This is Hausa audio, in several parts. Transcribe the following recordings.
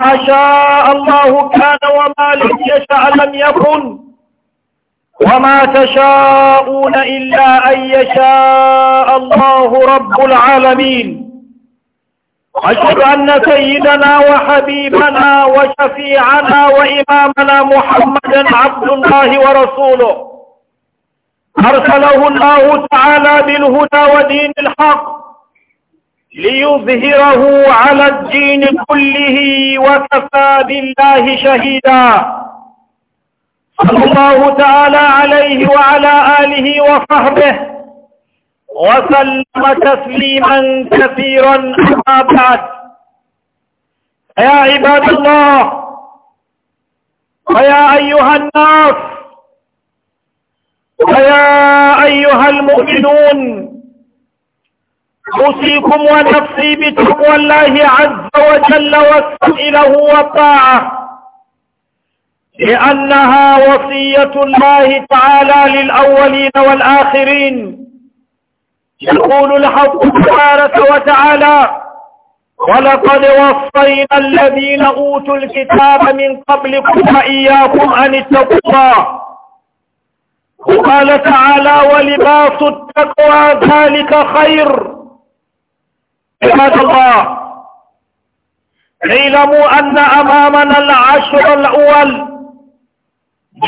ما شاء الله كان وما لم يشاء لم يكن وما تشاءون إلا أن يشاء الله رب العالمين أشهد أن سيدنا وحبيبنا وشفيعنا وإمامنا محمدا عبد الله ورسوله أرسله الله تعالى بالهدى ودين الحق ليظهره على الدين كله وكفى بالله شهيدا صلى الله تعالى عليه وعلى آله وصحبه وسلم تسليما كثيرا أما بعد يا عباد الله ويا أيها الناس ويا أيها المؤمنون أوصيكم ونفسي بتقوى الله عز وجل وسائله وطاعه والطاعة لأنها وصية الله تعالى للأولين والآخرين يقول الحق تبارك وتعالى ولقد وصينا الذين أوتوا الكتاب من قبلكم وإياكم أن اتقوا الله وقال تعالى ولباس التقوى ذلك خير عباد الله اعلموا أن أمامنا العشر الأول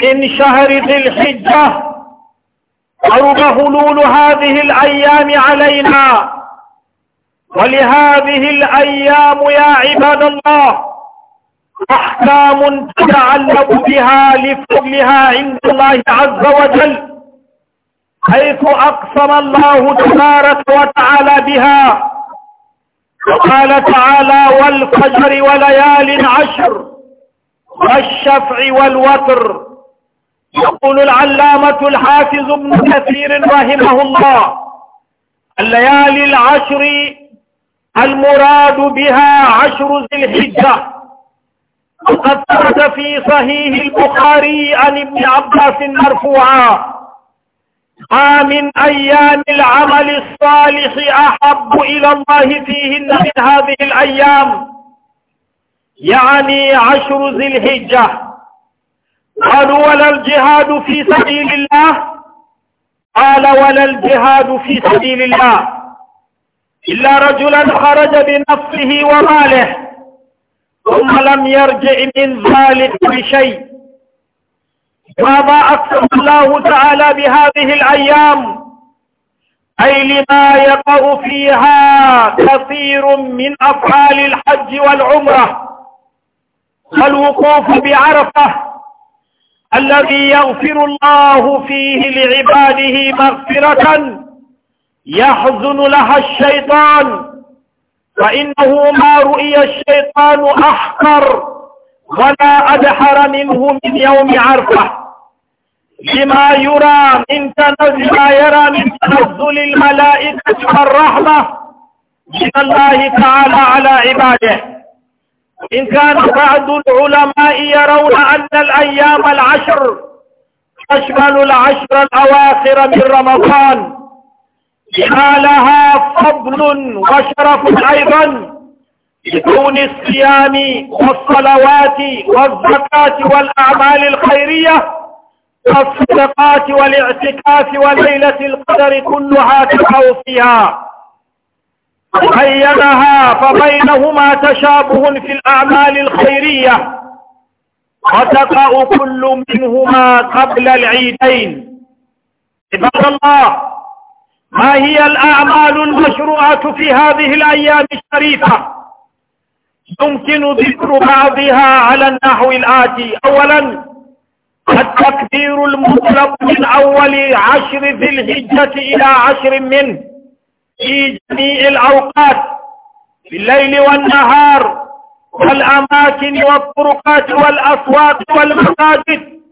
من شهر ذي الحجة قرب هلول هذه الأيام علينا ولهذه الأيام يا عباد الله أحكام تتعلق بها لفضلها عند الله عز وجل حيث أقسم الله تبارك وتعالى بها وقال تعالى والفجر وليال عشر والشفع والوتر يقول العلامة الحافظ ابن كثير رحمه الله الليالي العشر المراد بها عشر ذي الحجة وقد ثبت في صحيح البخاري عن ابن عباس مرفوعا من أيام العمل الصالح أحب إلى الله فيهن من هذه الأيام يعني عشر ذي الحجة قال ولا الجهاد في سبيل الله قال ولا الجهاد في سبيل الله إلا رجلا خرج بنفسه وماله ثم لم يرجع من ذلك بشيء وما أقسم الله تعالى بهذه الأيام أي لما يقع فيها كثير من أفعال الحج والعمرة والوقوف بعرفة الذي يغفر الله فيه لعباده مغفرة يحزن لها الشيطان فإنه ما رؤي الشيطان أحقر ولا أدحر منه من يوم عرفه لما يرى من تنزل ما يرى من تنزل الملائكة والرحمة من الله تعالى على عباده إن كان بعض العلماء يرون أن الأيام العشر تشمل العشر الأواخر من رمضان لما لها فضل وشرف أيضا بدون الصيام والصلوات والزكاة والأعمال الخيرية والصدقات والاعتكاف وليلة القدر كلها تقع فيها بينها فبينهما تشابه في الأعمال الخيرية وتقع كل منهما قبل العيدين عباد الله ما هي الأعمال المشروعة في هذه الأيام الشريفة يمكن ذكر بعضها على النحو الآتي أولاً التكبير المطلق من أول عشر ذي الهجة إلى عشر منه في جميع الأوقات في الليل والنهار والأماكن والطرقات والأسواق والمساجد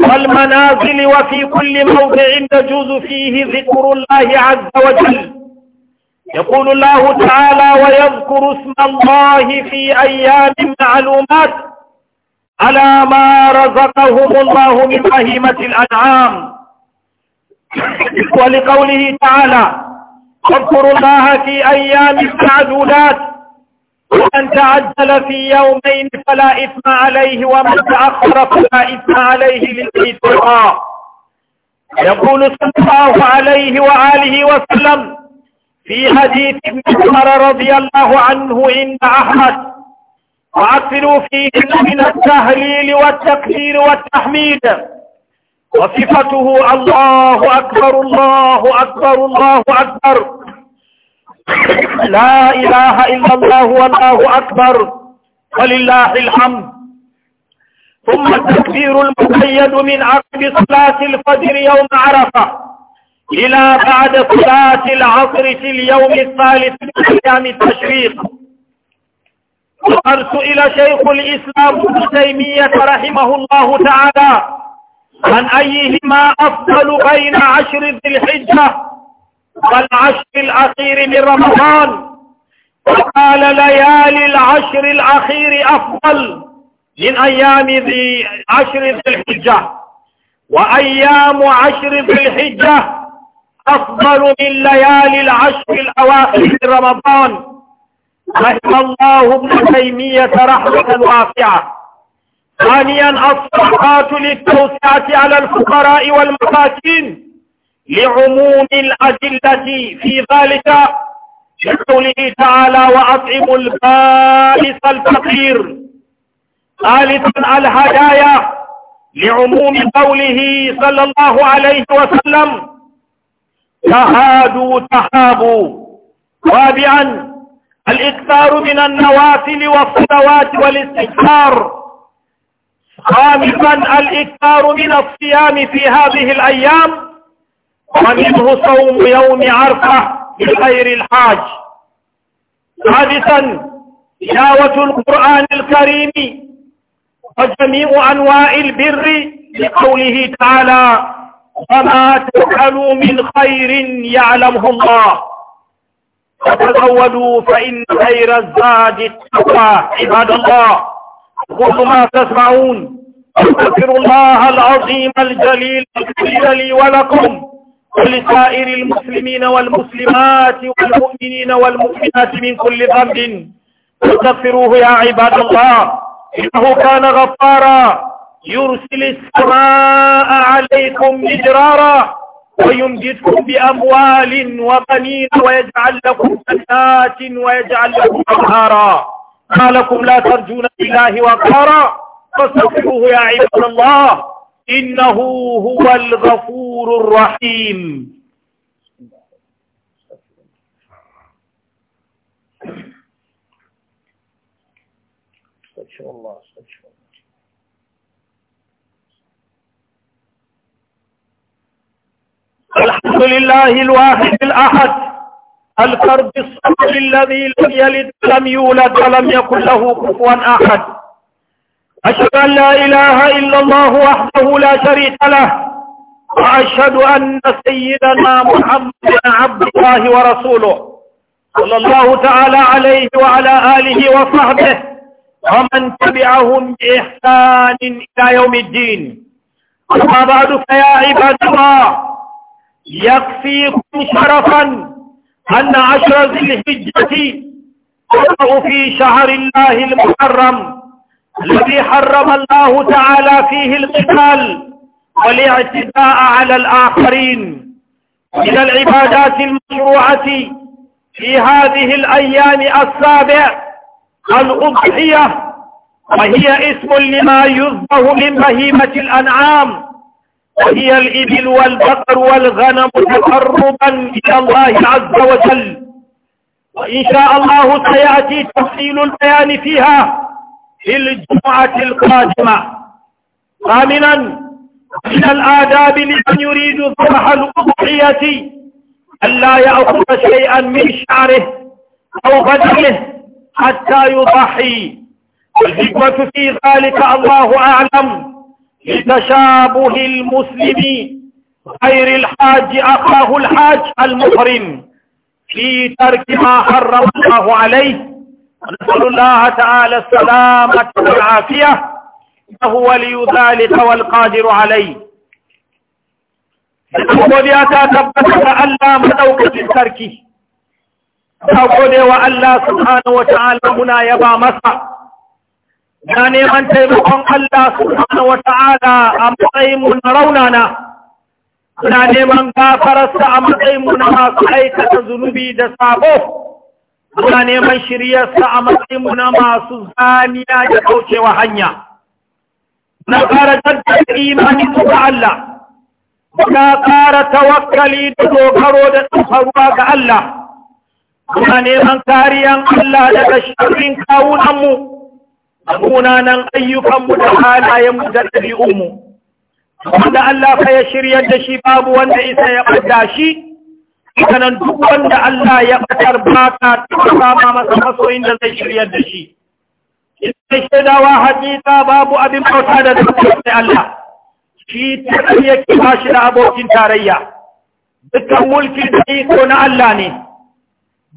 والمنازل وفي كل موضع يجوز فيه ذكر الله عز وجل يقول الله تعالى ويذكر اسم الله في أيام معلومات على ما رزقهم الله من بهيمة الأنعام ولقوله تعالى اذكروا الله في أيام معدودات ومن تعجل في يومين فلا إثم عليه ومن تأخر فلا إثم عليه للحيث يقول صلى الله عليه وآله وسلم في حديث ابن عمر رضي الله عنه عند أحمد وعفلوا فيهن من التهليل والتكبير والتحميد وصفته الله أكبر الله أكبر الله أكبر لا إله إلا الله والله أكبر ولله الحمد ثم التكبير المقيد من عقب صلاة الفجر يوم عرفة إلى بعد صلاة العصر في اليوم الثالث من أيام التشريق وقد سئل شيخ الإسلام ابن تيمية رحمه الله تعالى عن أيهما أفضل بين عشر ذي الحجة والعشر الأخير من رمضان وقال ليالي العشر الأخير أفضل من أيام ذي عشر ذي الحجة وأيام عشر ذي الحجة أفضل من ليالي العشر الأواخر من رمضان رحم الله ابن تيمية رحمة واسعة ثانيا الصدقات للتوسعة على الفقراء والمساكين لعموم الأدلة في ذلك لقوله تعالى وأطعموا البائس الفقير ثالثا الهدايا لعموم قوله صلى الله عليه وسلم تهادوا تهابوا رابعا الاكثار من النوافل والصلوات والاستغفار خامسا الاكثار من الصيام في هذه الايام ومنه صوم يوم عرفه لخير الحاج سادسا تلاوه القران الكريم وجميع انواع البر لقوله تعالى وما تفعلوا من خير يعلمه الله فتزودوا فإن خير الزاد التقوى عباد الله كل ما تسمعون أستغفر الله العظيم الجليل الكبير لي ولكم ولسائر المسلمين والمسلمات والمؤمنين والمؤمنات من كل ذنب فاستغفروه يا عباد الله إنه كان غفارا يرسل السماء عليكم مدرارا ويمددكم بأموال وبنين ويجعل لكم جنات ويجعل لكم أنهارا ما لكم لا ترجون لله وقارا فاستغفروه يا عباد الله إنه هو الغفور الرحيم شاء الله الحمد لله الواحد الأحد الفرد الصمد الذي لم يلد ولم يولد ولم يكن له كفوا أحد أشهد أن لا إله إلا الله وحده لا شريك له وأشهد أن سيدنا محمدا عبد الله ورسوله صلى الله تعالى عليه وعلى آله وصحبه ومن تبعهم بإحسان إلى يوم الدين أما بعد فيا عباد الله يكفيكم شرفا أن عشر ذي الحجة تقع في شهر الله المحرم الذي حرم الله تعالى فيه القتال والاعتداء على الآخرين من العبادات المشروعة في هذه الأيام السابع الأضحية وهي اسم لما يذبه من بهيمة الأنعام وهي الإبل والبقر والغنم تقربا إلى الله عز وجل وإن شاء الله سيأتي تفصيل البيان فيها في الجمعة القادمة ثامنا من الآداب لمن يريد ذبح الأضحية ألا يأخذ شيئا من شعره أو بدنه حتى يضحي الحكمة في ذلك الله أعلم لتشابه المسلم غير الحاج أخاه الحاج المحرم في ترك ما حرم الله عليه ونسأل الله تعالى السلامة والعافية فهو لي ذلك والقادر عليه godiya يا tabbata ga مدوك في sarki ta gode wa Allah subhanahu wa ta'ala يعني من تيمون الله سبحانه وتعالى أم تيمون روننا يعني من كافرس أم تيمون ما سعيك تزنبي دسابو يعني من شريس أم تيمون ما سزانيا يتوش وحنيا نقار جد الإيمان سبع الله نقار توكلي دوغرو دسفروك الله يعني من كاريان الله لكشترين كون أمو munanan ayyukanmu da halayenmu da ɗabi'unmu wanda Allah fa ya shirya da shi babu wanda isa ya ɓadda shi sanan duk wanda Allah ya ɓatar baka ta sama masa masoyin da zai shirya da shi sai shaidawa hakika babu abin bauta da zai Allah shi ta yake ba shi da abokin tarayya dukkan mulki da iko na Allah ne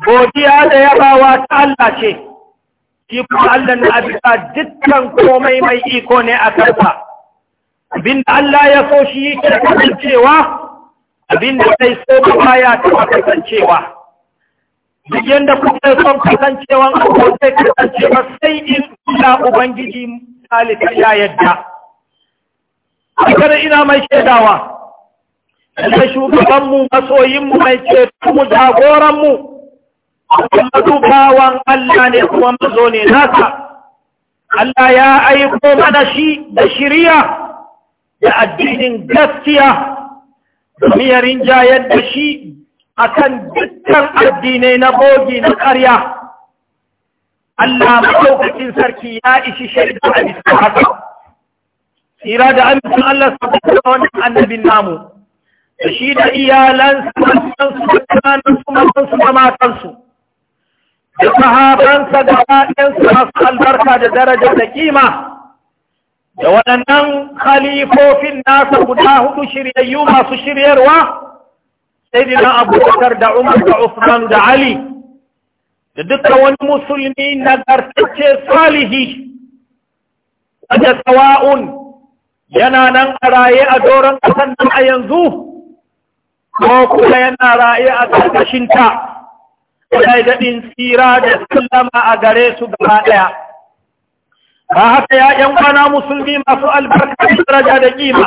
godiya da yabawa ta Allah ce shi Allah na abisa dukkan komai mai iko ne a abin abinda Allah ya so shi yake kasancewa abinda sai so ba ya ta kasancewa duk yadda kuka son kasancewan abu sai kasancewa sai in kula Ubangiji halittar ya yadda Akwai ina mai shaidawa, da shugabanmu masoyinmu mai ceto mu jagoranmu kuma Allah ne kuma mazo ne nasa Allah ya aiko mana shi da shirya da addinin gaskiya domin ya rinjayar da shi akan dukkan addinai na bogi na ƙarya Allah maɗaukakin sarki ya ishi shaidu a bisa haka tsira da amincin Allah su da wannan annabin namu da shi da iyalansu da su da kanansu da matansu da sahabansa da ɗayansu masu albarka da daraja da kima da waɗannan khalifofin nasa guda hudu shiryayyu masu shiryarwa sai dina abubakar da umar da usman da ali da duka wani musulmi nagartacce salihi wanda sawa'un yana nan a raye a doron ƙasan a yanzu ko kuma yana raye a ƙarƙashinta da daɗin tsira da sallama a gare su gaba ɗaya. Ba haka ya ‘yan kwana musulmi masu albarka da daraja da ƙima.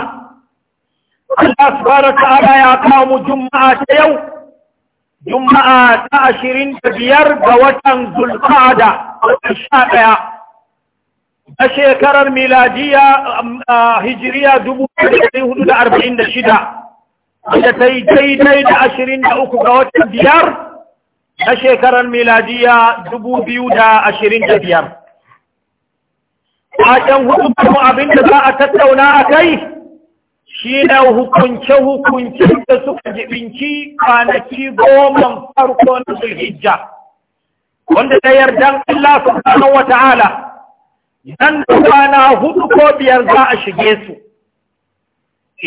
Allah subhanahu ta'ala ya kawo mu juma'a ta yau, juma'a ta ashirin da biyar ga watan Zulqa'ada sha ɗaya. Na shekarar miladiya um, hijiriya dubu da arba'in da shida, wanda ta yi daidai da ashirin da uku ga watan biyar na shekarar miladiya biyar. Ƙaƙen hukumarmu abinda za a tattauna a kai shi na hukunce-hukunce da suka jibinci kwanaki goma farko na zulhijja, wanda da yardan Allah subhanahu wa ta'ala, nan da kwana hudu ko biyar za a shige su.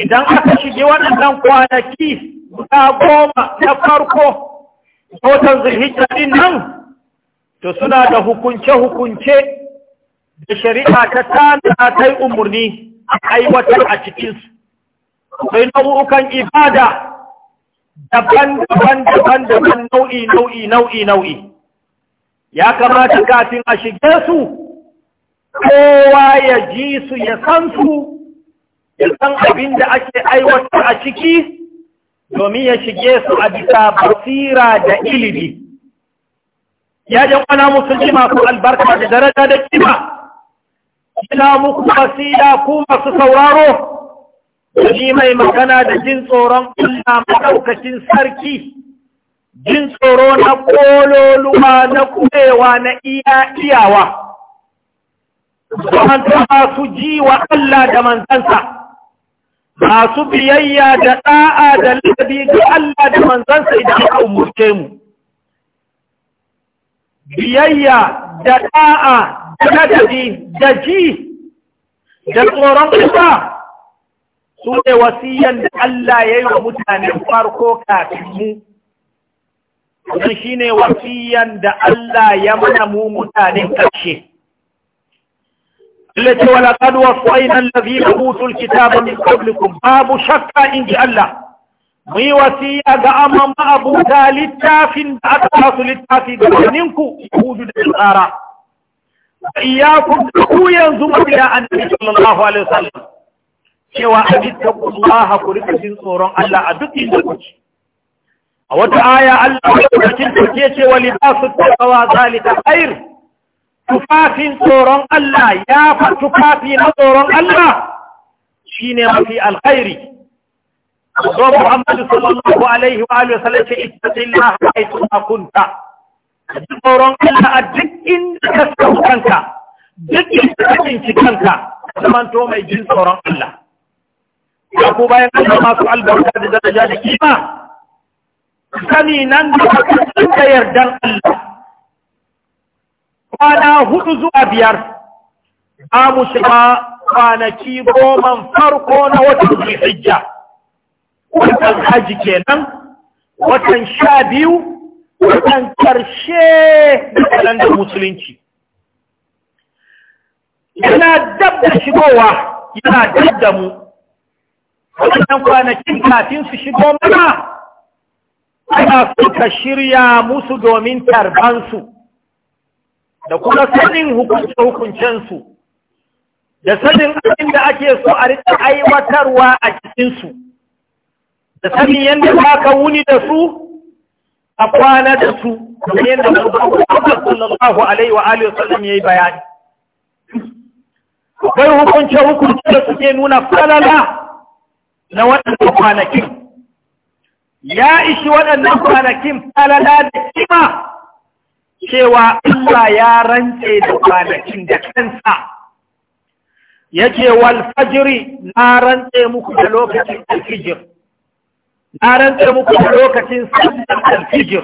Idan aka shige waɗannan kwanaki guda goma na farko watan zulhijja ɗin nan to suna da hukunce-hukunce da shari'a ta tana ta yi umarni a aiwatar a cikinsu sai nau'ukan ibada daban-daban daban nau'i nau'i nau'i nau'i ya kamata kafin a shige su kowa ya ji su ya san su ya san abin da ake aiwatar a ciki domin ya shige su a bisa basira da ilimi ya jan kwana musulci masu albarka da daraja da kima ina muku basira ku masu sauraro ni mai magana da jin tsoron Allah maɗaukacin sarki jin tsoro na kololuwa na kurewa na iya iyawa su ji wa Allah da manzansa masu biyayya da ɗa'a da ladabi ga Allah da manzansa idan aka umurce mu biyayya da ɗa'a da ladabi da ji da tsoron kusa su ne wasiyan da Allah ya yi wa mutanen farko kafin mu wannan shi ne wasiyan da Allah ya mana mu mutanen ƙarshe التي ولقد وصينا الذين أوتوا الكتاب من قبلكم باب شك إن جاء الله مي وسيا دعما ما أبو للتافين أكثر للتافي دعونينكو يهود النصارى إياكم تقويا زمر إلى النبي صلى الله عليه وسلم cewa a littafin Allah ku rika jin tsoron Allah a duk inda kuke a wata aya Allah ya cikin take cewa libasu taqwa zalika khair tufafin tsoron Allah ya fa tufafi na tsoron Allah shine mafi alkhairi zo Muhammadu sallallahu alaihi wa alihi wasallam ce ittaqillaha haythu ma kunta tsoron Allah a duk inda ka sauka kanka duk inda ka tsinci kanka zamanto mai jin tsoron Allah ya ku bayan Allah masu albarka da daraja da kima sani nan da ka yardan Allah kwana hudu zuwa biyar za mu shiga kwanaki goman farko na watan zuwa watan haji kenan watan sha biyu watan karshe da musulunci yana dabda shigowa yana dab da mu waɗannan kwanakin kafin su shigo mana ana suka shirya musu domin tarbansu da kuma sanin hukunce-hukuncensu da sanin abin da ake so a riƙa aiwatarwa a cikinsu da sanin yadda ba ka wuni da su a kwana da su da yadda ku sallallahu alaihi wa Sallam ya yi bayani akwai hukunce hukunce da suke nuna falala na waɗannan kwanakin ya ishi waɗannan kwanakin falala da kima cewa Allah ya rantse da kwanakin da kansa yake wal fajri na rantse muku da lokacin alfijir na rantse muku da lokacin sallar alfijir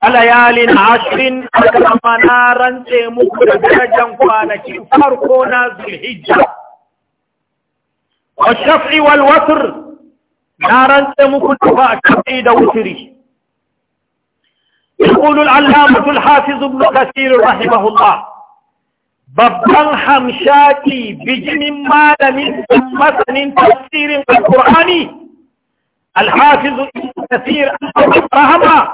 alayalin ashirin kuma na rantse muku da darajar kwanakin farko na zulhijja wa shafi wal watr na rantse muku da shafi da wutri يقول العلامة الحافظ ابن كثير رحمه الله ببان حمشاتي بجن مال من أمت من تفسير القرآن الحافظ ابن كثير رحمه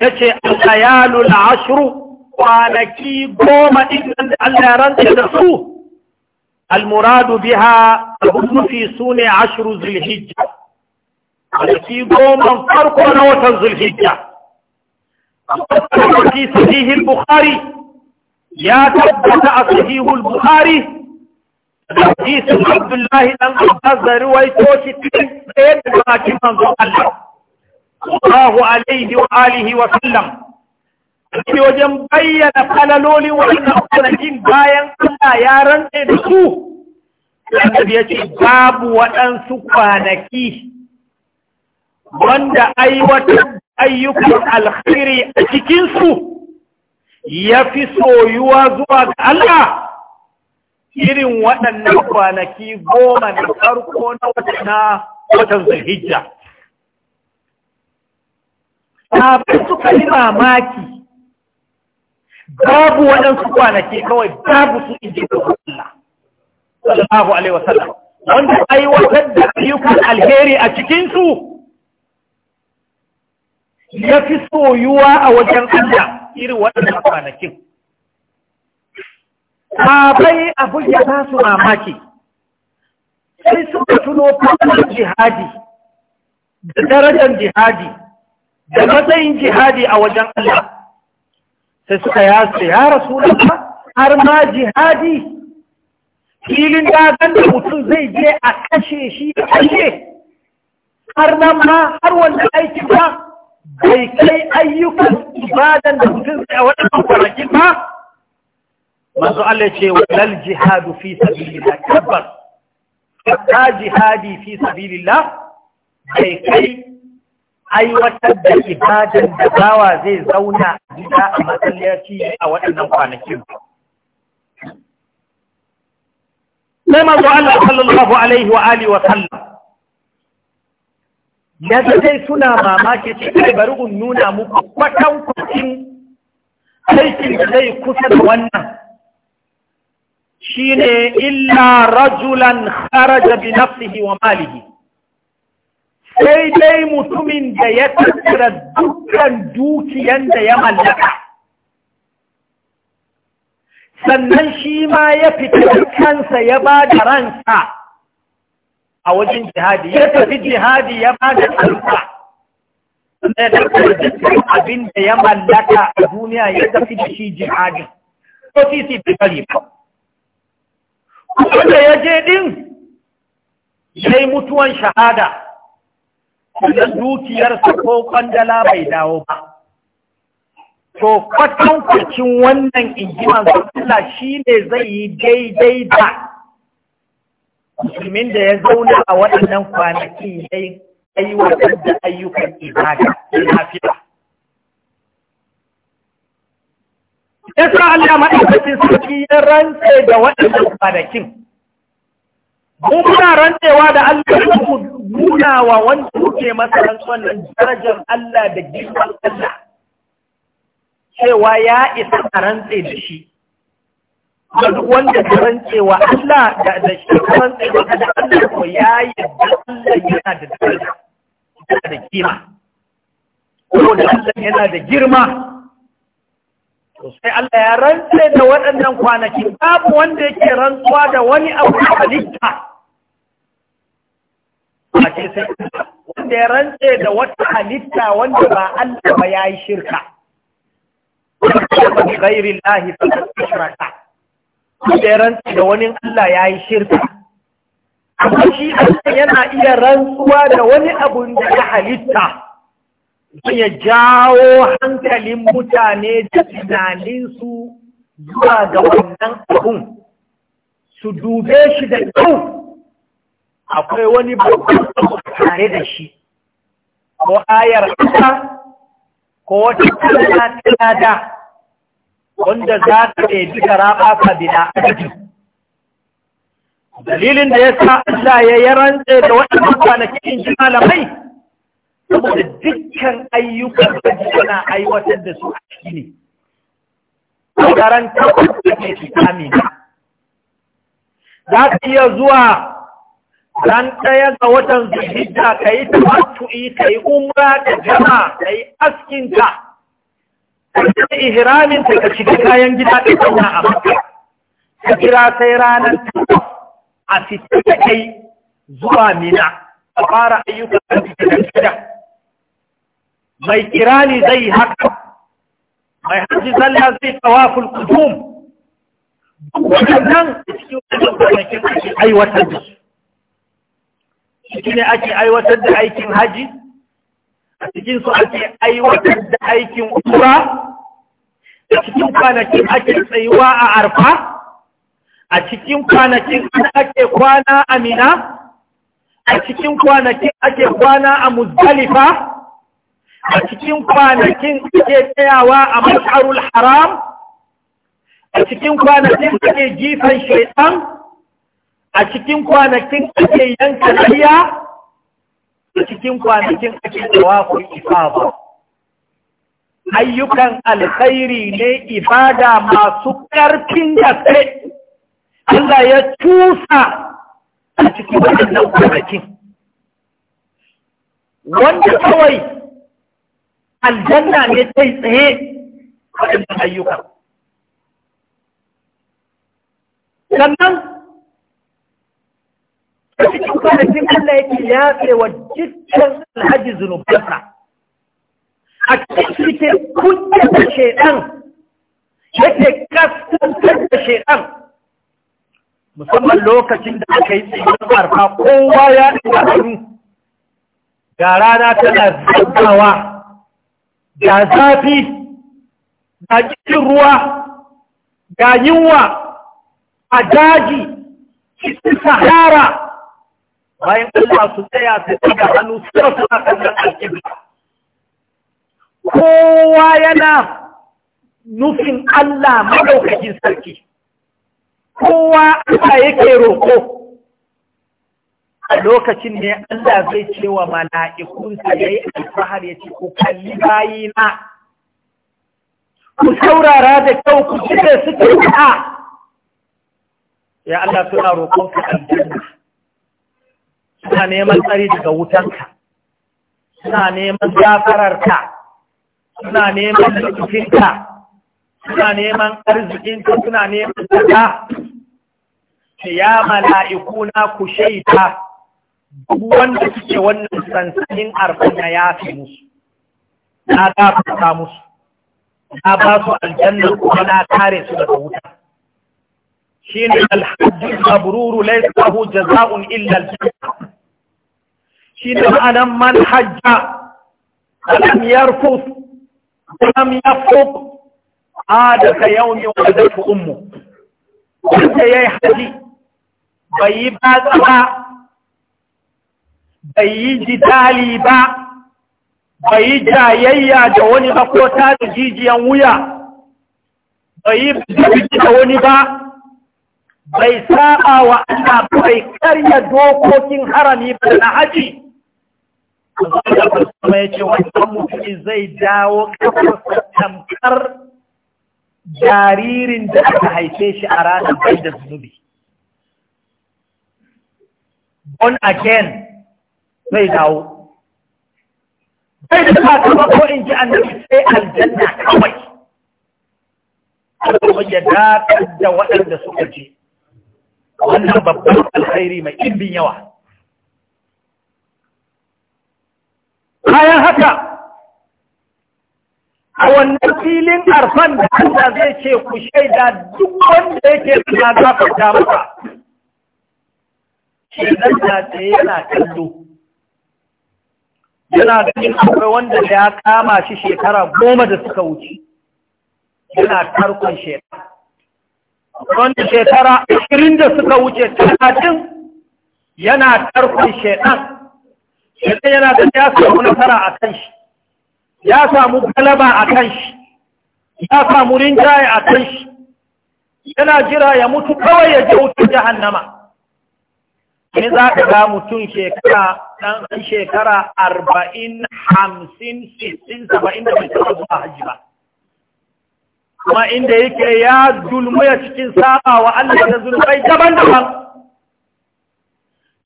يجي الخيال العشر وعلى كي قوم إذن الله رنش دخوه المراد بها هم في سون عشر ذي الهجة التي قوم فرقنا وتنزل الهجة في صحيح البخاري يا تبت صحيح البخاري حديث عبد الله بن عباس روايته شتين لكن منظور الله الله عليه وآله وسلم Ake wajen bayyana falalolin wannan kwanakin bayan Allah ya rantse da su, annabi ya ce babu waɗansu kwanaki wanda aiwatar ayyukan alkhairi a cikinsu ya fi soyuwa zuwa ga Allah irin waɗannan kwanaki goma na farko na wata watan zulhijja. Sabon suka yi mamaki, babu waɗansu kwanaki kawai babu su inji da Allah, sallallahu Alaihi wasallam, wanda aiwatar da ayyukan alheri a cikinsu. ya fi soyuwa a wajen Allah irin waɗannan kwanakin. bai abin ya ba su mamaki, sai suka tuno fasar jihadi, da darajar jihadi, da matsayin jihadi a wajen Allah. Sai suka yasa ya rasu har ma jihadi filin dagan da mutum zai je a kashe shi da kashe har nan ma har wanda aiki ba bai kai ayyukan ibadan da mutum sai a waɗannan kwanakin ba manzo Allah ce walal jihadu fi sabilillah kabbar ta jihadi fi sabilillah bai kai aiwatar da ibadan da bawa zai zauna a gida a masallaci a waɗannan kwanakin sai manzo Allah sallallahu alaihi wa alihi wa sallam yanzu dai suna mamaki ce kai bari in nuna muku kwatan kwacin aikin da zai kusa da wannan shine illa rajulan kharaja bi nafsihi wa malihi sai dai mutumin da ya tattara dukkan dukiyan da ya mallaka sannan shi ma ya fita kansa ya ba da ransa a wajen jihadi ya tafi jihadi ya ba da alfa sai da dukkan abin da ya mallaka a duniya ya tafi da shi jihadi ko sisi bai bari wanda ya je din sai mutuwan shahada da dukiyarsa ko kwandala bai dawo ba to kwatankwacin wannan ingiman Allah shi ne zai yi daidai ba. musulmin da ya zauna a waɗannan kwanaki yi aiwatar da ayyukan ibada na fita. Ya sa Allah ma'aikacin sarki ya rantse da waɗannan kwanakin. Mun kuna rantsewa da Allah ya ku nuna wa wanda kuke masa rantsuwan nan darajar Allah da girman Allah. Cewa ya isa a rantse da shi. da duk wanda ta rancewa Allah da da shi rantsewa da Allah ko ya yi Allah yana da daraja da kima ko da Allah yana da girma to sai Allah ya rantse da waɗannan kwanaki babu wanda yake rantsuwa da wani abu a halitta a ce sai wanda ya rantse da wata halitta wanda ba Allah ba ya yi shirka. Wanda ba gairi Allah shirka. da da wani Allah ya yi shirka amma shi yana iya rantsuwa da wani abun da ya halitta don ya jawo hankalin mutane da tunaninsu zuwa ga wannan abun su dube shi da kyau akwai wani babban abu tare da shi ko ayar ƙasa ko wata kalata ta da wanda za ta ɗebi karaba ka bila adadi dalilin da ya sa Allah ya yi rantse da waɗannan kwanakin shi malamai saboda dukkan ayyukan da suna aiwatar da su a ciki ne ƙoƙarin takwas da ke ba? za ka iya zuwa ran ɗaya ga watan zuhidda ka yi tabbatu'i ka yi umra da jama ka yi askinka da ihramin ta ka shiga kayan gida da kuma a maka ka kira sai ranar a fita da kai zuwa mina a fara ayyukan da gida mai kirani zai haka mai hajji zalla zai tawaful kudum da cikin wadannan kwanakin ake aiwatar da su shi ne ake aiwatar da aikin hajji? a cikin su ake aiwatar da aikin umra a cikin kwanakin ake tsayuwa a arfa a cikin kwanakin ake kwana a mina a cikin kwanakin ake kwana a muzdalifa a cikin kwanakin ake tsayawa a masharul haram a cikin kwanakin ake jifan shaitan a cikin kwanakin ake yanka nariya da cikin kwanakin ake tawaful ifada ayyukan alkhairi ne ifada masu ƙarfin gaske Allah ya cusa a cikin waɗannan kwanakin wanda kawai aljanna ne zai tsaye waɗannan ayyukan sannan cikin kwanakin Allah yake yafe wa dukkan alhaji zunubansa a cikin yake da shaidan yake kaskantar da shaidan musamman lokacin da aka yi tsibirin arfa kowa ya ɗaga hannu ga rana tana zagawa ga zafi ga cikin ruwa ga yunwa a daji cikin sahara bayan Allah su tsaya su ci da hannu su suna kallon alƙibla kowa yana nufin Allah maɗaukakin sarki kowa Allah yake roƙo a lokacin ne Allah zai ce wa mala'ikunsa ya yi alfahar ya ce, Ku kalli bayina, ku saurara da kyau ku cire suke a, ya Allah suna roƙon ka aljanna. suna neman tsari daga wutanka suna neman gafararka suna neman rikicinka suna neman arzikinka suna neman tsaka ya mala'iku na ku shaida wanda suke wannan sansanin arfanya ya fi musu na gafarta musu na ba su aljanna kuma na kare su daga wuta Shi ne alhajjin mabruru laysa lahu jaza'un illa aljanna shi ne ma'anan man hajja alam yarfus alam yafuk ada ka yaumi wadatu ummu wanda yayi haji bai yi ba ba bai yi jidali ba bai yi jayayya da wani ba ko ta da jijiyan wuya bai yi bibiki da wani ba bai saba wa Allah bai karya dokokin harami ba na haji kuma ya ce wannan mutumin zai dawo kafarsa tamkar jaririn da aka haife shi a ranar bai da zunubi. Born again zai dawo. Bai da sakamako in ji annabi sai aljanna kawai. Kuma ya dakar da waɗanda suka je. Wannan babban alkhairi mai ɗimbin yawa. bayan haka a wannan filin arfan da Allah zai ce ku shaida duk wanda yake suna gafarta masa zan da ta yana kallo yana cikin akwai wanda ya kama shi shekara goma da suka wuce yana tarkon shekara wanda shekara ashirin da suka wuce talatin yana tarkon shekara yadda yana da ya samu nasara a kan shi ya samu galaba a kan shi ya samu rinjaye a kan shi yana jira ya mutu kawai ya je wutar jahannama ne za ka ga mutum shekara ɗan shekara arba'in hamsin sittin saba'in da bai taɓa zuwa hajji ba kuma inda yake ya dulmu ya cikin saba wa Allah da zulmai daban-daban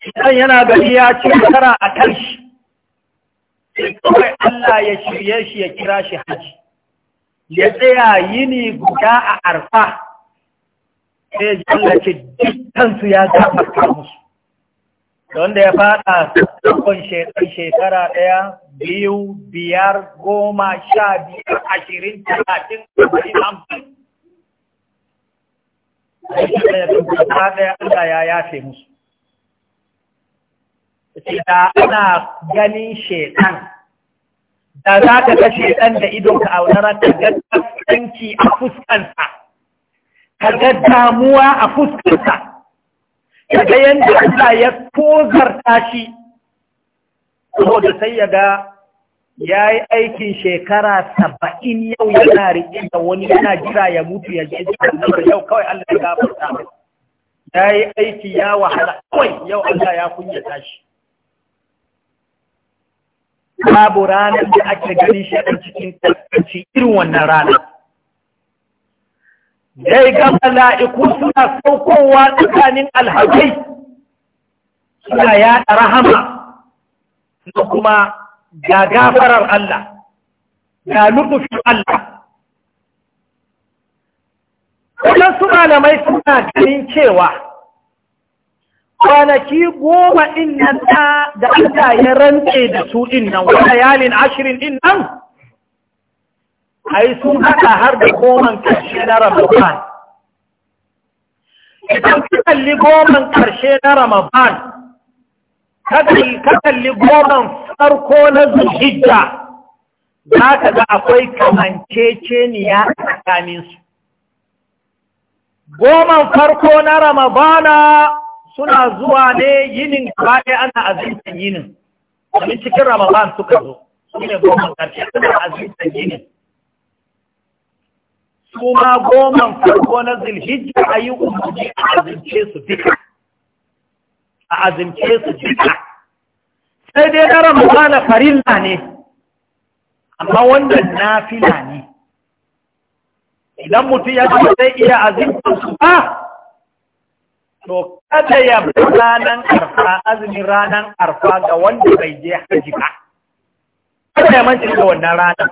shidan yana gani ya ci nasara a kan shi kawai Allah ya shirye shi ya kira shi haji ya tsaya yini guda a arfa sai jallace dukansu ya gafarta musu wanda ya fada sakon shekara daya biyu biyar goma sha biyar ashirin talatin arba'in hamsin. Aikin da ya Allah ya yafe musu. da ana ganin shekan da za ka ga shekan da idonka a wani ka ga kaskanci a fuskansa ka ga damuwa a fuskansa ka ga yadda ta ya tozarta shi saboda sai ya ga ya yi aikin shekara saba'in yau yana riƙe da wani yana jira ya mutu ya je da yau kawai Allah ya gafarta ya yi aiki ya wahala kawai yau Allah ya kunyata shi babu ranar da ake ganin shi a cikin ƙarƙarci irin wannan rana. Dai ga mala'iku suna saukowa tsakanin Alhaji suna yaɗa rahama da kuma ga gafarar Allah, ga nufufin Allah. Wannan su malamai suna ganin cewa kwanaki goma in nan da Allah ya rantse da su ɗin nan wa yalin ashirin ɗin nan ai sun haɗa har da goman ƙarshe na Ramadan. Idan ka kalli goman ƙarshe na Ramadan, ka kalli goman farko na Zulhijja, za ka ga akwai kamanceceniya a tsakaninsu. Goman farko na Ramadana suna zuwa ne yinin gaba ana azimtan yinin domin cikin ramadan suka zo su ne goma ƙarshe suna azimtan yinin su ma goman farko na zilhijja a yi umarni a azimce su duka a azimce su duka sai dai na ramadan farilla ne amma wannan fila ne idan mutum ya zai iya azimta su ba to kada ya bi ranan arfa azumin ranan arfa ga wanda bai je haji ba kada ya manci da wannan ranan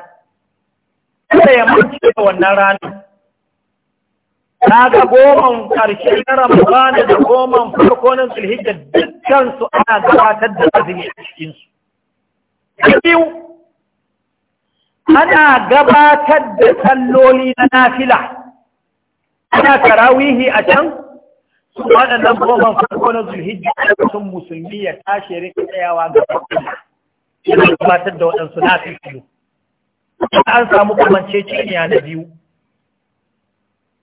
kada ya manci da wannan ranan ga goman karshe na ramadana da goman farko na zulhijja dukkan su ana gabatar da azumi a cikin su biyu ana gabatar da salloli na nafila ana tarawihi a can waɗannan goma farko na zulhijji a lokacin musulmi ya tashi rika tsayawa ga yana gabatar da waɗansu na fifiyo an samu kamanceceniya na biyu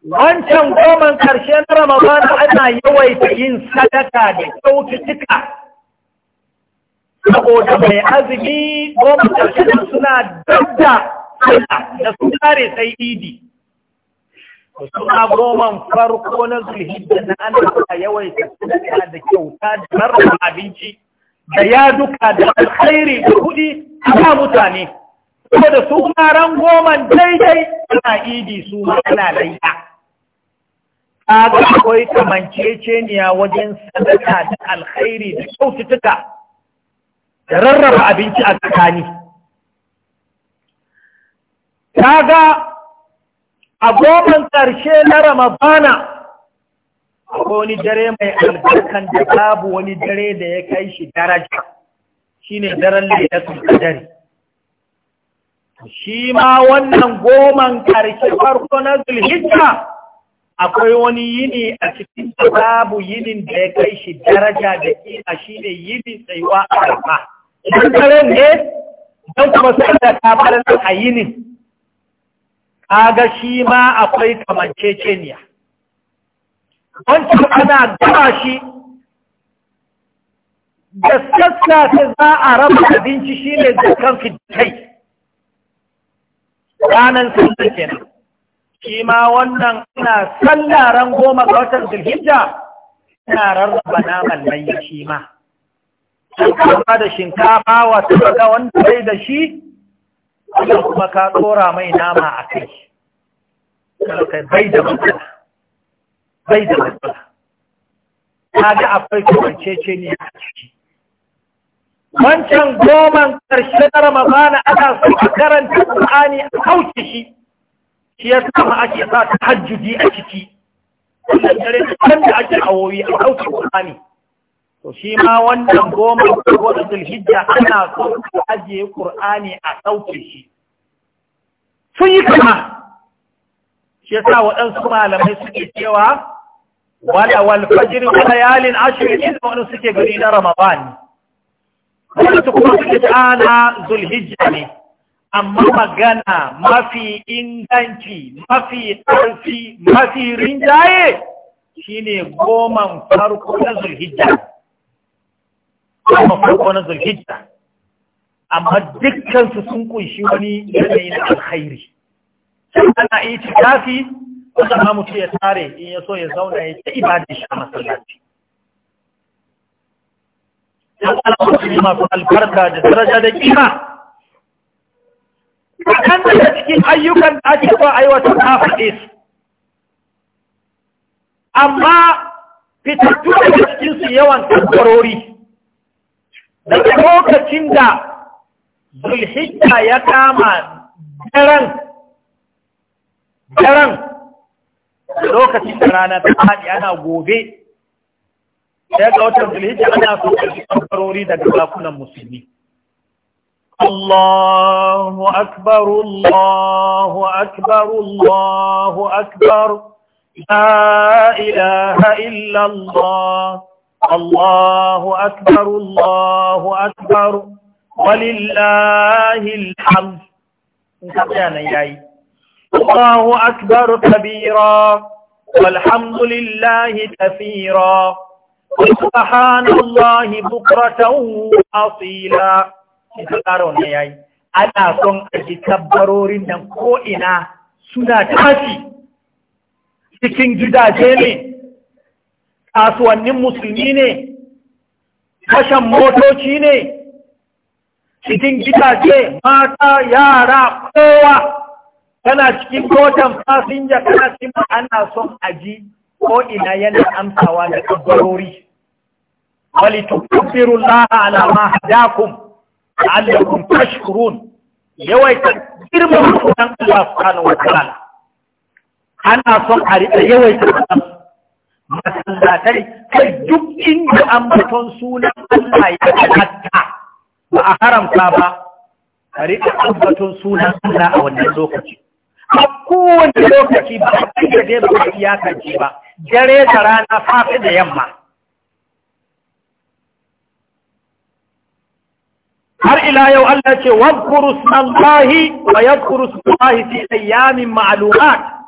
wancan goman karshe na ramadan ana yawaita yin sadaka da kyaututtuka saboda mai azumi goma karshe suna dabda da su kare sai idi su agoman farko na zulhijja na ana yawan sadaka da kyauta da rarraba abinci da ya duka da alkhairi da kuɗi a mutane da su kuma ran goma daidai ana idi su ma ana layya kaga akwai kamanceceniya wajen sadaka da alkhairi da kyaututtuka da rarraba abinci a tsakani ga a goman ƙarshe na ramabana akwai wani dare mai albarkan da babu wani dare da ya kai shi daraja shi ne daren laifin qadari shi ma wannan goman ƙarshe farko na zulhijja akwai wani yini a cikin babu yinin da ya kai shi daraja da kima shi ne yini tsayuwa a rama idan daren ne don kuma sai da ta a yinin kaga shi ma akwai kamanceceniya wancan ana gaba shi da ta za a raba abinci shi ne zakan fitai ranar sallar kenan shi ma wannan ina sallaren goma ga watan zulhijja ina rarraba naman mai shi ma shinkafa da shinkafa wata daga wanda bai da shi wannan kuma ka tsora mai nama a kai bai da matsala bai da matsala ta ga akwai kawancece ne a ciki wancan goman ƙarshe na ramadana ana so a karanta ƙur'ani a sauke shi shi ya sama ake sa ta hajjudi a ciki wannan dare da ake hawoyi a sauke ƙur'ani to shi ma wannan goma ko da zulhijja ana so ajiye ƙur'ani a sauke shi sun yi kama shi yasa waɗansu malamai suke cewa wala wal fajr wa layalin ashr wani suke gari na ramadan wani su kuma suke ana ah, zulhijja ne amma magana mafi inganci mafi ƙarfi mafi rinjaye shine goman farko na zulhijja kuma farko na zulhijja amma dukkansu sun kunshi wani yanayi na alkhairi ana yi tafi wanda ma mutu ya tare in ya so ya zauna ya ta ibadin shi a masallaci yan alamomi masu albarka da daraja da kima kaɗan daga cikin ayyukan da ake ba aiwatar ta faɗe su amma fitattu da cikinsu yawan tabbarori daga lokacin da zulhijja ya kama daren daren lokacin da rana ta haɗi ana gobe sai ga watan zulhijja ana so a cikin daga bakunan musulmi Allahu akbar Allahu akbar Allahu akbar la ilaha illa Allah الله أكبر الله أكبر ولله الحمد الله أكبر كبيرا والحمد لله كثيرا سبحان الله بكرة وأصيلا ana son a ji tabbarorin nan ko'ina suna tashi cikin gidaje ne kasuwannin musulmi ne tashan motoci ne cikin gidaje mata yara kowa tana cikin kotan fasinja kana cikin ana son aji ko ina yana amsawa da kabbarori walitukabbiru Allah alama hadakun hadakum la'allakum tashkurun yawaita girman sunan Allah subhanahu wa ta'ala ana son a riƙa yawaita masallatai kai duk inda ambaton sunan Allah ya halatta ba a haramta ba a riƙa ambaton sunan Allah a wannan lokaci a kowane lokaci ba a kai da ba a ba dare da rana safe da yamma har ila yau Allah ce wadkuru sunallahi wa yadkuru sunallahi fi ayyamin ma'lumat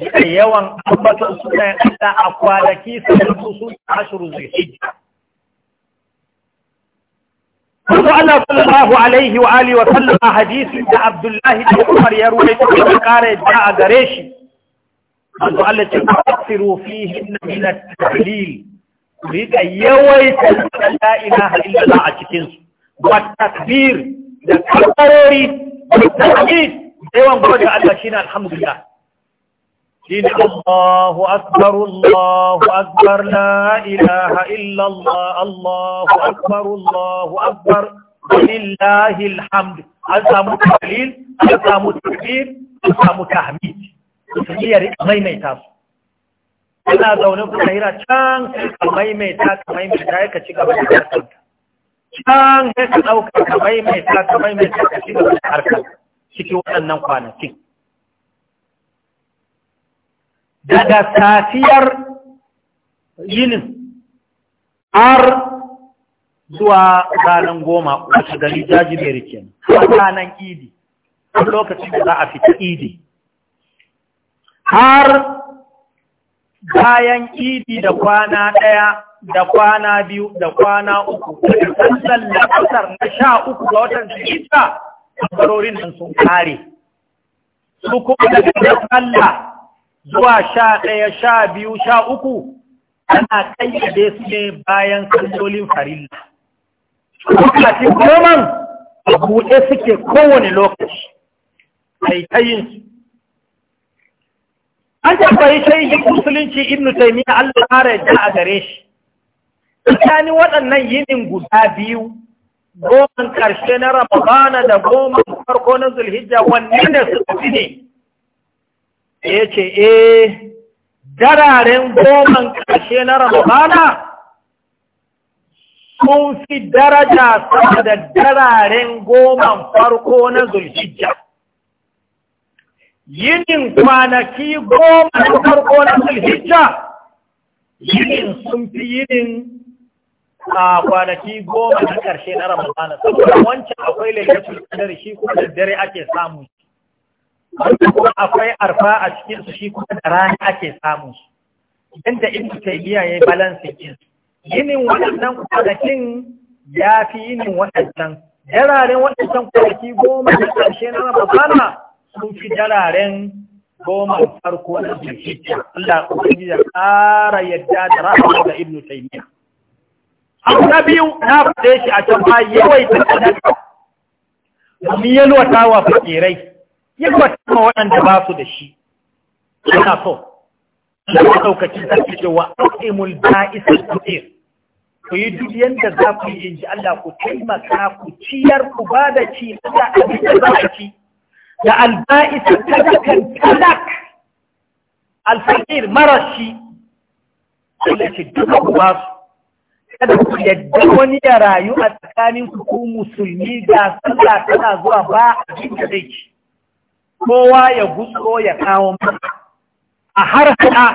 da yawan ambaton sunayen Allah a kwanaki sanarku su ashiru zai hijja. Kudu Allah sallallahu Alaihi wa Ali wa sallama hadisi da Abdullahi da Umar ya ruwa ita da kara yadda a gare shi. Kudu Allah ce ba a tsiro fi hinna mina tahlil. Rika yawaita la ilaha illallah a cikinsu. Wa takbir da kalmarori da tahmid yawan gode Allah shine alhamdulillah. shine Allahu akbar Allahu akbar la ilaha illa Allah Allahu akbar Allahu akbar lillahi alhamd an samu tahlil an samu takbir an samu tahmid sun iya rika maimaita su ina zaune ku tsira can ka maimaita ka maimaita ka ci gaba da harkar can ka ɗauka ka maimaita ka maimaita cikin waɗannan kwanakin daga safiyar yinin har zuwa ranar goma wata gari jajibere ke ranar idi a lokacin da za a fita idi har bayan idi da kwana ɗaya da kwana biyu da kwana uku da sallar da na sha uku ga watan sita a nan sun kare su kuma daga sallah zuwa sha ɗaya sha biyu sha uku ana ƙayyade su ne bayan kallolin farilla lokacin goman a buɗe suke kowane lokaci haikayin su an shayi shaidin musulunci ibn taimiyya allah ƙara yadda a gare shi tsakanin waɗannan yinin guda biyu goman ƙarshe na ramadana da goman farko na zulhijja da suka fi ne ya ce eh dararen goman ƙashe na ramadana sun fi daraja sama da dararen goman farko na zulhijja yinin kwanaki goma na farko na zulhijja yinin sun fi yinin a kwanaki goma na ƙarshe na ramadana saboda wancan akwai lalatul da shi kuma da dare ake samu wanda kuma akwai arfa a cikin su shi kuma da rana ake samu su idan da ibnu taymiya yayi balance din yinin waɗannan kwanakin ya fi yinin waɗannan jararen waɗannan kwanaki goma da ƙarshe na babana sun fi jararen goma farko na zuciya Allah ubangiji ya ƙara yadda da rahama da ibnu taymiya abu na biyu na faɗe shi a can ba yawaita sadaka domin yalwata wa fakirai ya gwata ma waɗanda ba su da shi yana so da maɗaukacin sarki cewa aƙimul ba'isar kuɗir ku yi duk yadda za ku yi inji Allah ku taimaka ku ciyar ku ba da ci da abin da za a ci da alba'isar talakan talak alfa'ir marashi Allah ce ku ba su kada ku yadda wani ya rayu a tsakanin ku musulmi da sallah tana zuwa ba a da zai ci kowa ya gutso ya kawo mata a har haɗa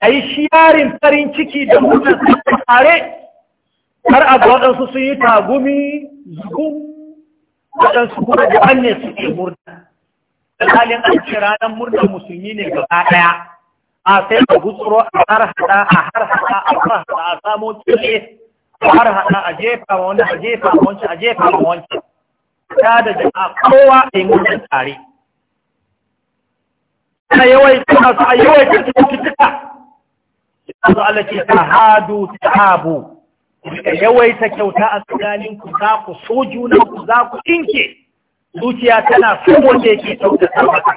a yi shiyarin farin ciki da mutan tare har a waɗansu sun yi tagumi zugun waɗansu kuma da an ne suke murna alhalin an ce ranar murnar musulmi ne gaba ɗaya a sai a gutsuro a har haɗa a har haɗa a har haɗa a samo tsaye a har haɗa a jefa wani a jefa wancan a jefa wancan ta da jama'a kowa a yi murnar tare ta yawai suna su a yawai ta cututtuka yanzu Allah ke ta hadu ta habu ka yawai ta kyauta a tsakanin ku za ku so juna ku za ku inke zuciya tana son wanda yake kyauta sarfata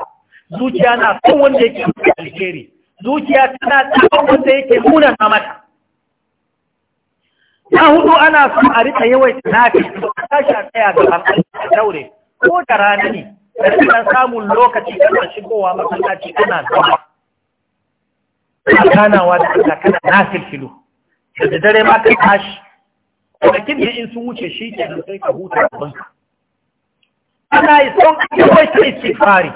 zuciya na son wanda yake alheri zuciya tana tsawon wanda yake nuna mata na hudu ana son a rika yawaita nafi a tashi a tsaya gaban Allah a daure ko da rana ne kana samun lokaci kana shigowa masallaci ana zama a ganawa da Allah kana nasir filo da dare ma ka tashi kwanakin da in sun wuce shi ke nan sai ka huta abin ka ana yi son sai ta fari.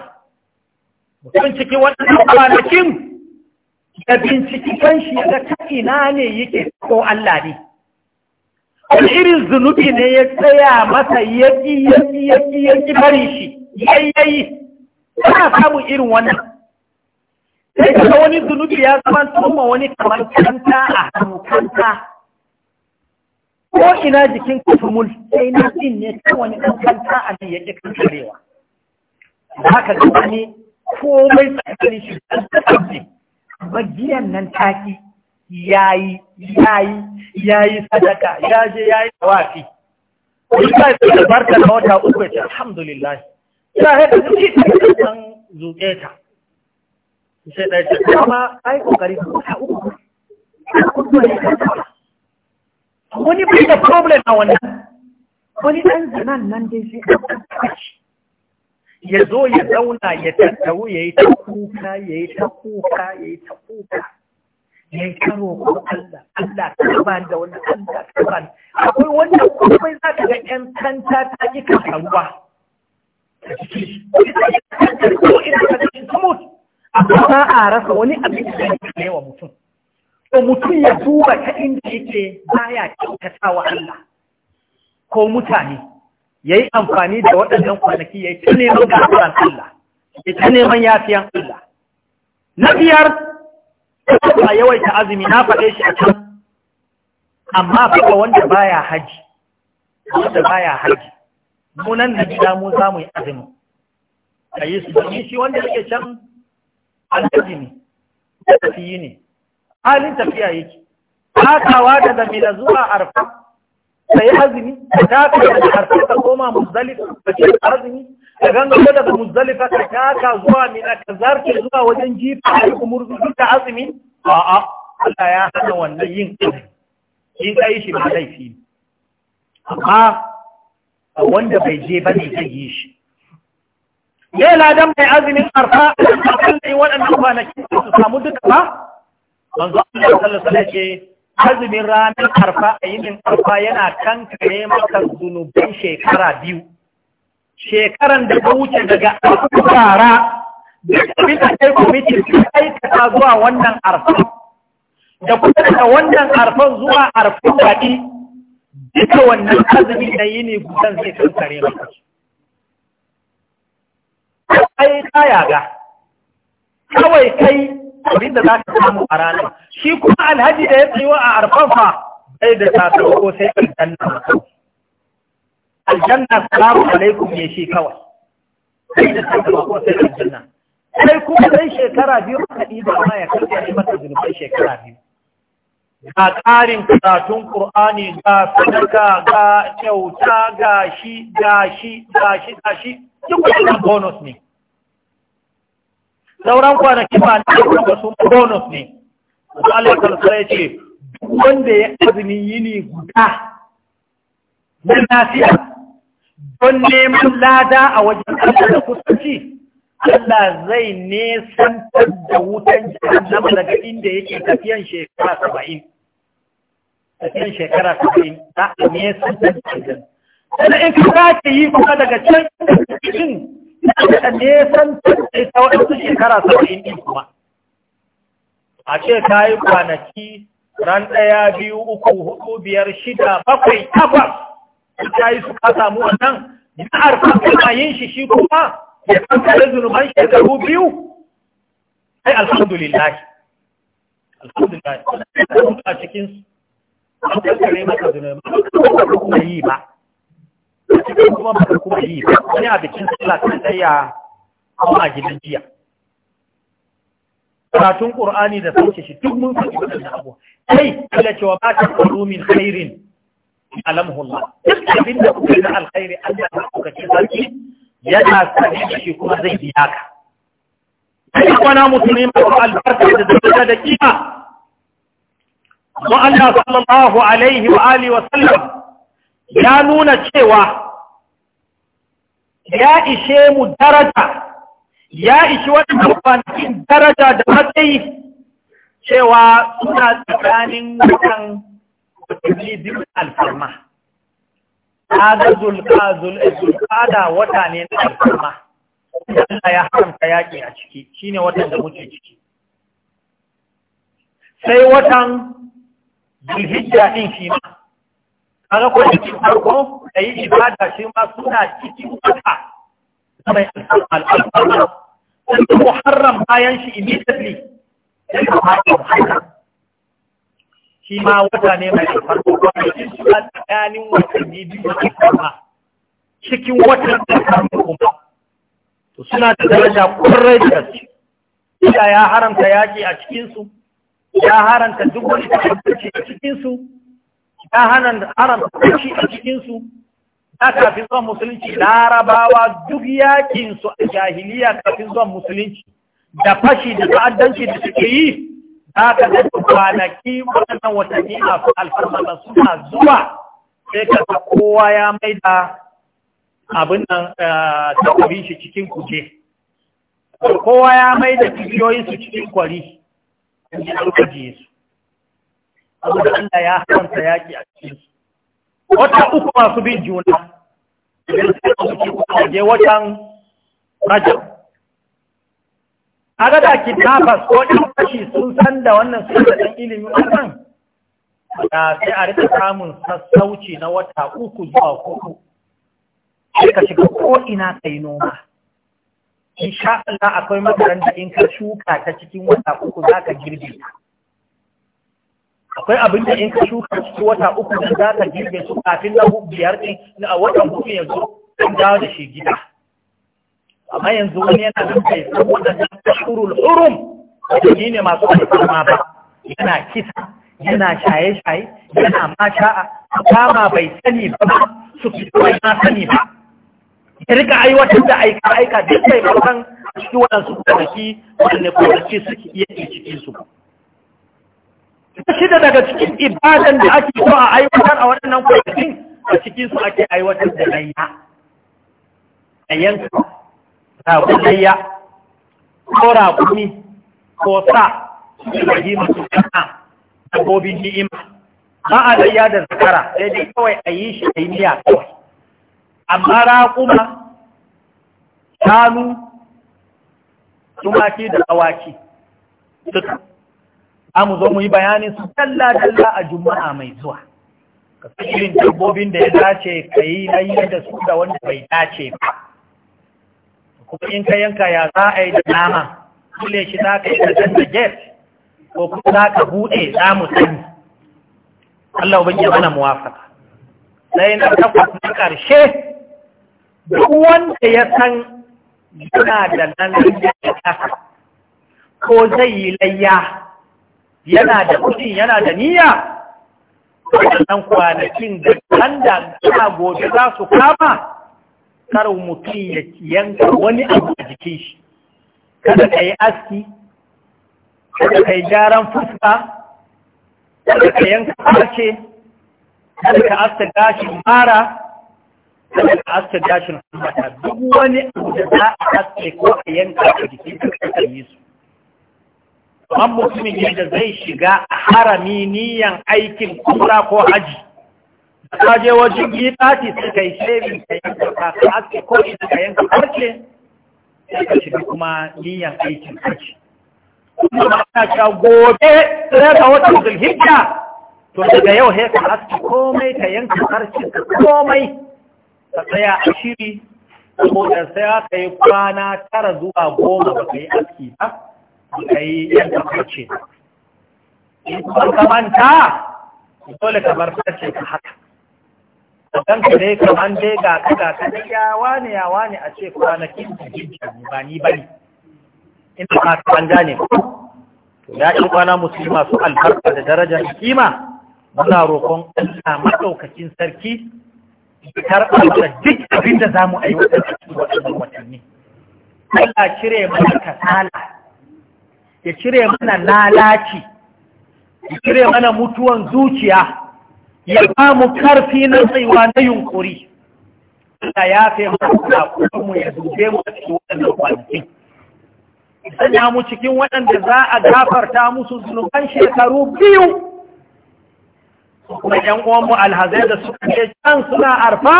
mutum ciki wannan kwanakin da binciki kan shi ya ga ina ne yake ko Allah ne wani irin zunubi ne ya tsaya masa yaƙi yaƙi yaƙi yaƙi bari shi yayyayi ana samun irin wannan sai kaga wani zunubi ya zama tsoma wani kamar kanta a hannu ko ina jikin kutumul sai na jin ne ta wani ɗan kanta a nan yake kankarewa haka ga wani komai tsakani shi ɗan tsakanin magiyan nan taki yayi yayi yayi sadaka ya je yayi tawafi wani ba ya barka na wata uku ya ce alhamdulillah ya haɗa ta sai ce ai ta uku wani bai da problem a wannan wani ɗan zanan nan dai sai an ya zo ya zauna ya tattaru ya yi ta kuka ya yi ta kuka ya yi ta kuka ya yi ta roƙon Allah Allah ta ban da wani Allah ta ban akwai wanda komai za ka ga ƴan kanta ta ƙi karuwa a ko ka cikin ba a rasa wani abin da ya yi wa mutum ko mutum ya duba ta inda yake baya kyautata wa Allah ko mutane ya yi amfani da waɗannan kwanaki ya yi ta neman gafaran Allah ya ta neman yafiyan Allah na biyar a yawaita azumi na faɗe shi a can amma faɗa wanda baya haji wanda baya haji mu nan da gida mu za mu yi azumi a yi su domin shi wanda yake can alhaji ne tafiyi ne halin tafiya yake takawa daga mila zuwa arfa ta yi azumi ka taka da arfa ka koma muzalifa ka ce azumi ka ko daga muzalifa ka taka zuwa mila ka zarce zuwa wajen jifa a yi kumurzu duka azumi a'a Allah ya hana wannan yin azumi in ka yi shi ba laifi amma wanda bai je ba ne zai yi shi ladan mai azumin arfa a kan dai waɗannan kwanaki su samu duka ba manzo Allah sallallahu ce azumin ranar arfa a yinin arfa yana kare maka zunubin shekara biyu shekaran da ta wuce daga arfa duk abin da kai kwamiti ka aikata zuwa wannan arfa da kuma daga wannan arfan zuwa arfan baɗi duka wannan azumi da yi ne gudan zai kankare maka ai ka yaga kawai kai abin da za ka samu a ranar shi kuma alhaji da ya tsayo a arfafa bai da ko sai aljanna aljanna salamu alaikum ne shi kawai bai da ko sai aljanna sai kuma sai shekara biyu ka ɗiba ma ya karɓe mata zunubai shekara biyu ga ƙarin karatun ƙur'ani ga sadaka ga kyauta ga shi ga shi ga shi ga shi duk wannan bonus ne sauran kwanaki ba na kuma wasu bonus ne wasu alaikar sarai ce duk wanda ya azumin yini guda na lafiya don neman lada a wajen ƙarfi da kusanci Allah zai nisan da wutan jahannama daga inda yake tafiyan shekara saba'in. Tafiyan shekara saba'in za a san da wutan. Sana in ka za ka yi kuma daga can cikin da nesantar da ita waɗansu shekara saba'in ɗin kuma. A ce ka yi kwanaki ran ɗaya biyu uku hudu biyar shida bakwai takwas. Ka yi su ka samu wannan. ina arfa kuma yin shi shi kuma ya kankare zunuban shekaru biyu sai alhamdulillah alhamdulillah a cikin an kankare maka zunuban yi ba cikin kuma ba kuma yi ba wani a bikin sallah kan tsaya kuma a gidan jiya karatun qur'ani da sauke shi duk mun faɗi wannan abu sai kala cewa ba ta qulu min khairin alamhu Allah duk abin da kuka yi na alkhairi Allah ya kuka ci sarki yana sani da shi kuma zai biya ka kai kwana musulmi masu albarka da zai da kima mu Allah sallallahu alaihi wa alihi wa sallam ya nuna cewa ya ishe mu daraja ya ishi wani kwanakin daraja da matsayi cewa suna tsakanin watan watanni biyu alfarma kaga zulƙa eh, zulkada wata ne na alfarma Allah ya haramta yaƙi a ciki shine watan da muke ciki sai watan zulhijja din shi ma kaga ko cikin farko da yi ibada shi ma suna cikin wata mai alfarma sai muharram bayan shi immediately sai ka fara shi ma wata ne mai farko kwanakin shi a tsakanin watanni biyu da kuma cikin watan da kuma to suna da daraja kwarai da gaske Ila ya haramta yaƙi a cikinsu, ya haramta duk wani tabbaci a cikinsu, ya haramta kashi a cikinsu, na kafin zuwan musulunci larabawa duk yaƙinsu a jahiliya kafin zuwan musulunci da fashi da ta'addanci da suke yi za ka ga kwanaki waɗannan watanni a da suna zuwa sai ka ta kowa ya mai da abin nan eh, kwari shi cikin kuje kowa ya mai da kibiyoyin su cikin kwari in ji alkaji su abu da Allah ya haramta yaƙi a cikin su wata uku masu bin juna idan sai ka wuce kuma wajen rajab kaga da kidnappers ko ɗan fashi sun san da wannan sun da ɗan ilimin wannan da sai a rika samun sassauci na wata uku zuwa uku sai ka shiga ko ina kai noma in sha Allah akwai makaranta in ka shuka ta cikin wata uku za ka girbe ta akwai abin da in ka shuka cikin wata uku za ka girbe su kafin na biyar ne na watan uku yanzu an dawo da shi gida amma yanzu wani yana nan bai san waɗannan tashurul hurum wadanni ne masu alfarma ba yana kisa yana shaye-shaye yana masha'a kama bai sani ba su fito bai na sani ba ya rika aiwatar da aika-aika duk mai babban ciki waɗansu kwanaki waɗanne kwanaki suke iya ke cikin su shida daga cikin ibadan da ake so a aiwatar a waɗannan kwanakin a cikin su ake aiwatar da layya a yanka ragon ko raguni ko sa da hima su kana dabbobin ni'ima ba a layya da zakara sai dai kawai ayi shi a yi miya kawai amma raƙuma shanu tumaki da awaki duka amu zo mu yi bayanin su dalla-dalla a juma'a mai zuwa ka fi dabbobin da ya dace ka yi na yi da su da wanda bai dace ba kuma in ka yanka ya za a yi da nama kule shi za ka yi da canza get ko kuma za ka buɗe za mu sani Allah ubangi ya mana muwafaka sai na takwas na ƙarshe duk wanda ya san yana da nan ko zai yi layya yana da kuɗi yana da niyya waɗannan kwanakin da kan da gobe za su kama kar mutum ya yanka wani abu a jikin shi kada ka yi aski kada ka yi gyaran fuska kada ka yanka harshe kada ka aska gashin mara kada ka aska gashin hamata duk wani abu da za a aske ko a yanka a jikin ka kada mutumin yadda zai shiga a harami niyan aikin kura ko haji ka je wajen gitati sai ka yi shebin ta yanka ka ka aske ko ita ka yanka farce sai ka shiga kuma niyan aikin farce kuma ba ta sha gobe sai ka wata zulhijja to daga yau sai ka aske komai ta yanka farce ka komai ka tsaya a shiri ko da sai ka yi kwana tara zuwa goma ba ka yi aski ba ka yi yanka farce in ka manta dole ka bar farce ka haka dan ka dai kaman dai ga ka ga ka ya wani ya wani a ce kwanakin da jinka ne ba ni ba bane ina ba ta an ne to ya in kwana musulma su alfarka da darajar kima muna roƙon Allah madaukakin sarki tar da duk abin da za mu a cikin waɗannan watanni Allah cire mana kasala ya cire mana lalaci ya cire mana mutuwan zuciya ya ba mu karfi na tsaiwa na yunkuri Allah ya fi hankula kuma mu ya dube mu a cikin waɗannan kwanaki sanya mu cikin waɗanda za a gafarta musu zunuban shekaru biyu kuma ‘yan uwanmu alhazai da suka ce can suna arfa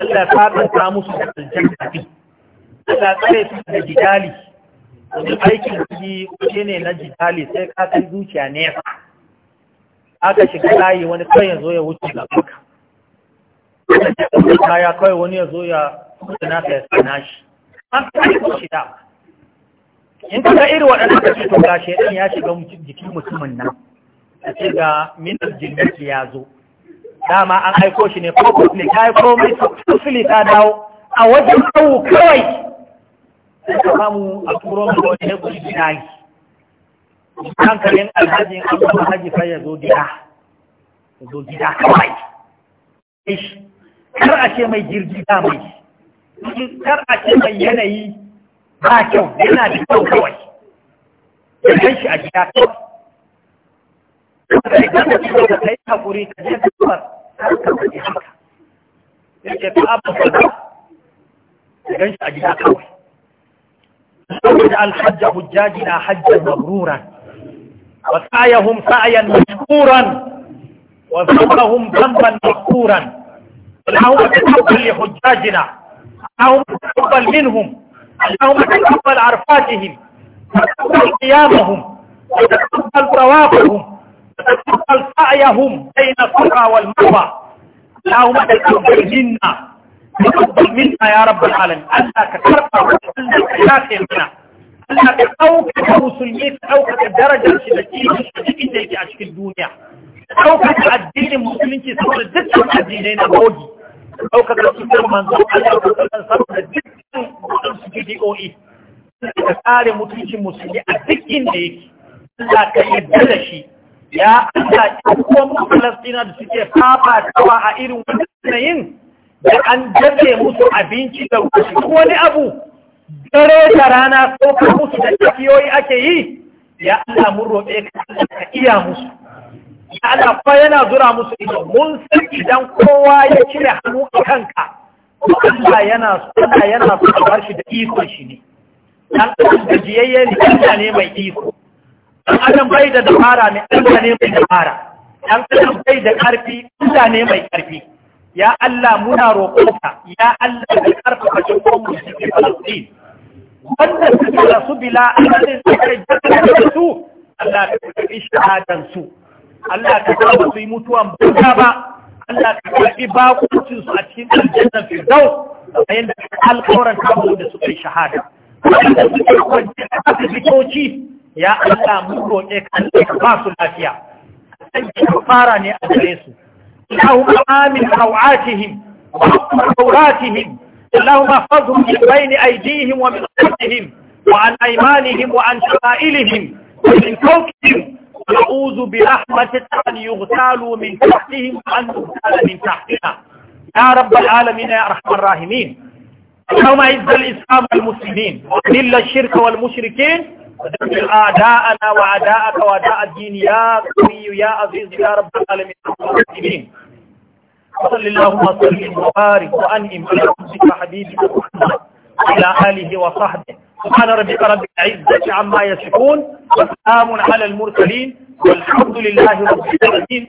Allah ta musu da aljanna Allah tsare su da jidali wani aikin kuɗi kuɗi ne na jidali sai ka kai zuciya nesa aka shiga layi wani kawai ya zo ya wuce ga baka kaya kawai wani ya zo ya suna ka ya sana shi an kai ko shi da in ka iri waɗanda ka ce to ga shaidan ya shiga jikin mutumin nan a ce ga minar jirgin ya zo dama an aiko shi ne ko ne ta yi komai tusuli ta dawo a wajen kawo kawai sai ka samu a turo da wani ya gudu jinayi hankalin alhaji an gama haji fa ya zo gida ya zo gida kawai ish kar a ce mai girgiza mai kar a ce mai yanayi ba kyau yana da kyau kawai ya gan shi a gida kawai ka kai haƙuri ka je kawar kar ka faɗi haka ya ce ka abu faɗa ya gan shi a gida kawai saboda alhajja hujjaji na hajjar mabruran وسعيهم سعيا مشكورا وذنبهم ذنبا مغفورا اللهم تقبل لحجاجنا اللهم تقبل منهم اللهم تقبل عرفاتهم وتقبل قيامهم وتقبل طوافهم وتقبل سعيهم بين الصفا والمروه اللهم تقبل منا تقبل منا يا رب العالمين انك ترقى وتقبل منا Allah ka ɗaukaka musulmi ka ɗaukaka darajar shi da kishi a cikin da yake a cikin duniya ɗaukaka addinin musulunci saboda dukkan addinai na bogi ɗaukaka sunan manzon Allah ka ɗaukaka saboda dukkan musulunci bidiyoyi ka tsare mutuncin musulmi a duk inda yake Allah ka yarda da shi ya Allah ɗaukakon Falastina da suke fafatawa a irin wannan yanayin da an jabe musu abinci da wani abu dare da rana ko ka musu da tafiyoyi ake yi ya Allah mun roƙe ka ka iya musu ya Allah fa yana zura musu ido mun san idan kowa ya cire hannu a kanka Allah yana so yana so shi da iko shi ne dan adam gajiyayye ne Allah ne mai iko dan adam bai da dabara ne Allah ne mai dabara dan adam bai da ƙarfi Allah ne mai ƙarfi ya Allah muna roƙonka ya Allah ka karfafa jikin mu cikin Falastin wannan suka rasu bila adadin suka jaddada su Allah ka karɓi shahadan su Allah ka karɓi su yi mutuwan banza ba Allah ka karɓi bakuncin su a cikin aljannan Firdaus a yanda alƙawaran kawo da suka yi shahada wanda suke kwanci a asibitoci ya Allah mun roƙe ka Allah ka ba su lafiya. Sai ka fara ne a gare su. اللهم من روعاتهم عوراتهم اللهم احفظهم من بين أيديهم ومن خلفهم وعن أيمانهم وعن شمائلهم ومن فوقهم ونعوذ برحمتك أن يغتالوا من تحتهم وأن نغتال من تحتنا يا رب العالمين يا أرحم الراحمين اللهم عز الإسلام والمسلمين وذل الشرك والمشركين ودمر أعداءنا وأعداءك وأعداء الدين يا قوي يا عزيز يا رب العالمين المسلمين وصل اللهم وسلم وبارك وأنعم على عبدك حبيبك محمد وعلى آله وصحبه سبحان ربك رب العزة عما يصفون وسلام على المرسلين والحمد لله رب العالمين